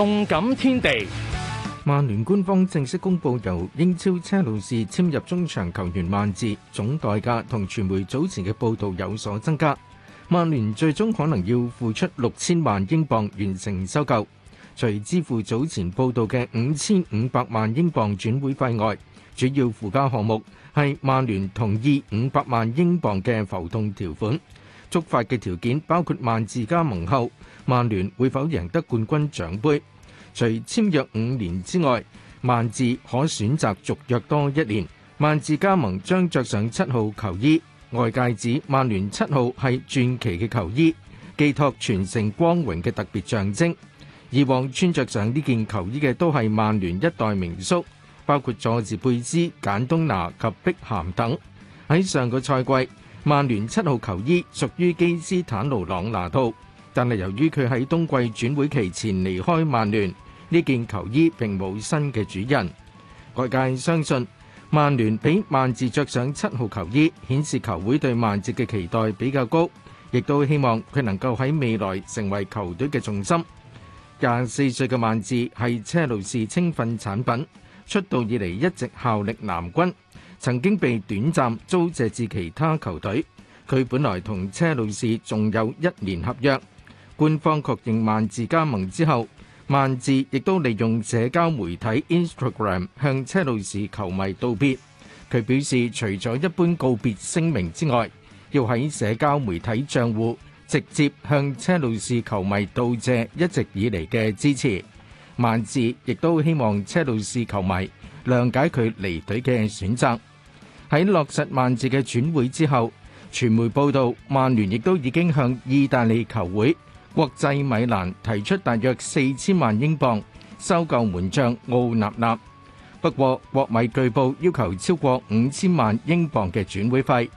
動感天地，曼聯官方正式公布由英超車路士簽入中場球員曼治，總代價同傳媒早前嘅報道有所增加。曼聯最終可能要付出六千萬英鎊完成收購，除支付早前報道嘅五千五百萬英鎊轉會費外，主要附加項目係曼聯同意五百萬英鎊嘅浮動條款。觸發嘅條件包括曼治加盟後，曼聯會否贏得冠軍獎盃。除簽約五年之外，曼治可選擇續約多一年。曼治加盟將著上七號球衣，外界指曼聯七號係傳奇嘅球衣，寄託全城光榮嘅特別象徵。以往穿著上呢件球衣嘅都係曼聯一代名宿，包括佐治貝斯、簡東拿及碧咸等。喺上個賽季，曼聯七號球衣屬於基斯坦奴朗拿度，但係由於佢喺冬季轉會期前離開曼聯，呢件球衣並冇新嘅主人。外界相信曼聯俾曼治着上七號球衣，顯示球會對曼治嘅期待比較高，亦都希望佢能夠喺未來成為球隊嘅重心。廿四歲嘅曼治係車路士青訓產品，出道以嚟一直效力藍軍。曾經被短暫租借至其他球隊，佢本來同車路士仲有一年合約。官方確認曼治加盟之後，曼治亦都利用社交媒體 Instagram 向車路士球迷道別。佢表示，除咗一般告別聲明之外，要喺社交媒體賬戶直接向車路士球迷道謝一直以嚟嘅支持。曼治亦都希望車路士球迷諒解佢離隊嘅選擇。喺落實曼治嘅轉會之後，傳媒報道曼聯亦都已經向意大利球會國際米蘭提出大約四千萬英鎊收購門將奧納納。不過國米據報要求超過五千萬英鎊嘅轉會費。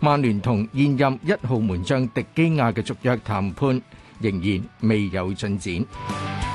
曼聯同現任一號門將迪基亞嘅續約談判仍然未有進展。